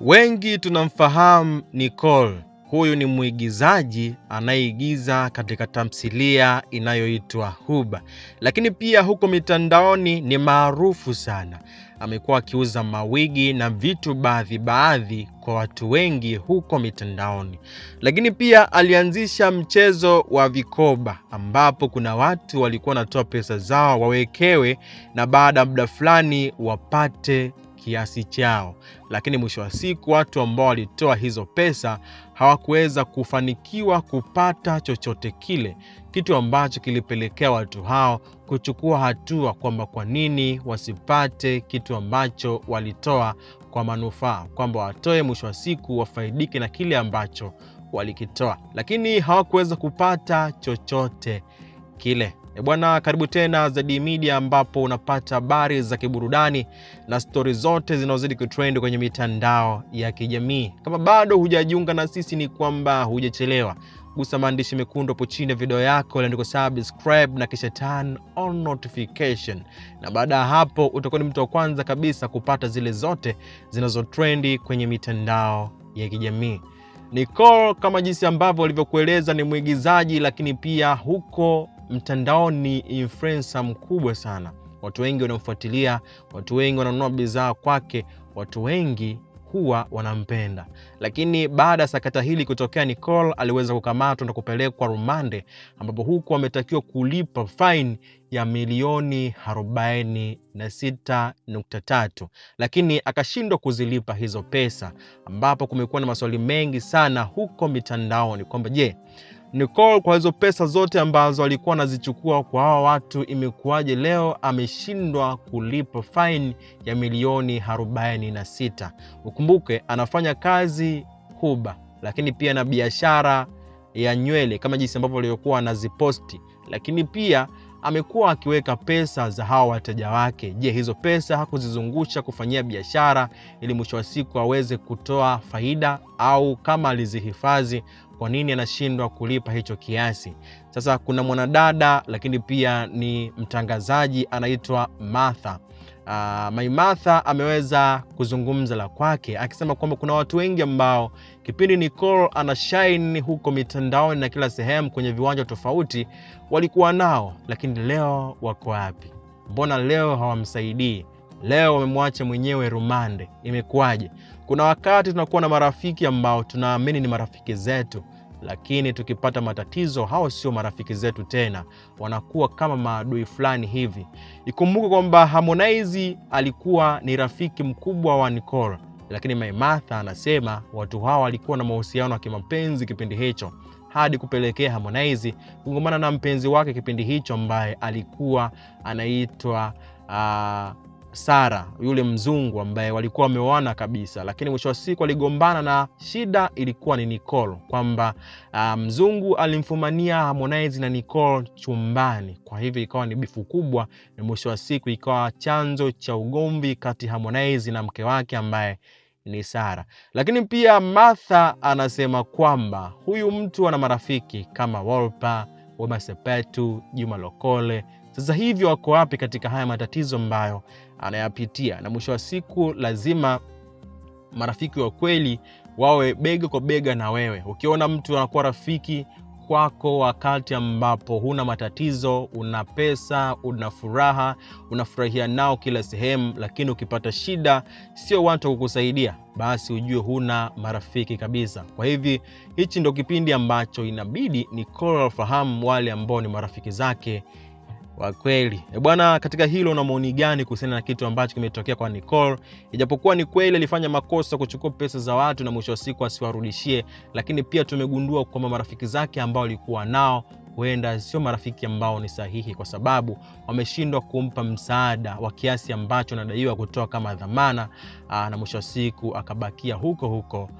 Wengi tunamfahamu Nicole. Huyu ni mwigizaji anayeigiza katika tamthilia inayoitwa Huba, lakini pia huko mitandaoni ni maarufu sana. Amekuwa akiuza mawigi na vitu baadhi baadhi kwa watu wengi huko mitandaoni, lakini pia alianzisha mchezo wa vikoba ambapo kuna watu walikuwa wanatoa pesa zao wawekewe, na baada ya muda fulani wapate kiasi chao, lakini mwisho wa siku watu ambao walitoa hizo pesa hawakuweza kufanikiwa kupata chochote kile, kitu ambacho kilipelekea watu hao kuchukua hatua kwamba kwa nini wasipate kitu ambacho walitoa kwa manufaa, kwamba watoe, mwisho wa siku wafaidike na kile ambacho walikitoa, lakini hawakuweza kupata chochote kile. E bwana, karibu tena Zedee Media, ambapo unapata habari za kiburudani na stori zote zinazozidi kutrend kwenye mitandao ya kijamii. Kama bado hujajiunga na sisi, ni kwamba hujachelewa. Gusa maandishi mekundu hapo chini ya video yako iliandikwa subscribe na kisha turn on notification, na baada ya hapo utakuwa ni mtu wa kwanza kabisa kupata zile zote zinazotrendi kwenye mitandao ya kijamii. Nicole, kama jinsi ambavyo alivyokueleza, ni mwigizaji lakini pia huko mtandao ni influencer mkubwa sana. Watu wengi wanamfuatilia, watu wengi wananunua bidhaa kwake, watu wengi huwa wanampenda. Lakini baada ya sakata hili kutokea, Nicole aliweza kukamatwa na kupelekwa rumande, ambapo huku ametakiwa kulipa fine ya milioni arobaini tatu lakini akashindwa kuzilipa hizo pesa, ambapo kumekuwa na maswali mengi sana huko mitandaoni kwamba je, Nicole kwa hizo pesa zote ambazo alikuwa anazichukua kwa hawa watu, imekuwaje leo ameshindwa kulipa faini ya milioni 46? Ukumbuke anafanya kazi Kuba, lakini pia na biashara ya nywele kama jinsi ambavyo alivyokuwa anaziposti, lakini pia amekuwa akiweka pesa za hawa wateja wake. Je, hizo pesa hakuzizungusha kufanyia biashara ili mwisho wa siku aweze kutoa faida, au kama alizihifadhi kwa nini anashindwa kulipa hicho kiasi? Sasa kuna mwanadada lakini pia ni mtangazaji anaitwa Martha. Uh, Martha ameweza kuzungumza la kwake akisema kwamba kuna watu wengi ambao kipindi Nicole shine huko mitandaoni na kila sehemu kwenye viwanja tofauti walikuwa nao, lakini leo wako wapi? Mbona leo hawamsaidii? leo wamemwacha mwenyewe rumande. Imekuwaje? Kuna wakati tunakuwa na marafiki ambao tunaamini ni marafiki zetu, lakini tukipata matatizo, hao sio marafiki zetu tena, wanakuwa kama maadui fulani hivi. Ikumbuke kwamba Harmonize alikuwa ni rafiki mkubwa wa Nicole, lakini Maimartha anasema watu hawa walikuwa na mahusiano ya kimapenzi kipindi hicho hadi kupelekea Harmonize kungomana na mpenzi wake kipindi hicho ambaye alikuwa anaitwa uh, Sara yule mzungu ambaye walikuwa wameoana kabisa, lakini mwisho wa siku aligombana, na shida ilikuwa ni Nicole, kwamba uh, mzungu alimfumania Harmonize na Nicole chumbani. Kwa hivyo ikawa ni bifu kubwa, na mwisho wa siku ikawa chanzo cha ugomvi kati Harmonize na mke wake ambaye ni Sara. Lakini pia Martha anasema kwamba huyu mtu ana marafiki kama Wolper, Wema Sepetu, Juma Lokole sasa hivi wako wapi katika haya matatizo ambayo anayapitia? Na mwisho wa siku lazima marafiki wa kweli wawe bega kwa bega na wewe. Ukiona mtu anakuwa rafiki kwako wakati ambapo huna matatizo, una pesa, una furaha, unafurahia nao kila sehemu, lakini ukipata shida sio watu wa kukusaidia, basi ujue huna marafiki kabisa. Kwa hivi hichi ndo kipindi ambacho inabidi Nicole wafahamu wale ambao ni marafiki zake wa kweli eh, bwana, katika hilo una maoni gani kuhusiana na kitu ambacho kimetokea kwa Nicole? Ijapokuwa ni kweli alifanya makosa kuchukua pesa za watu na mwisho wa siku asiwarudishie, lakini pia tumegundua kwamba marafiki zake ambao alikuwa nao huenda sio marafiki ambao ni sahihi, kwa sababu wameshindwa kumpa msaada wa kiasi ambacho anadaiwa kutoa kama dhamana, ah, na mwisho wa siku akabakia huko huko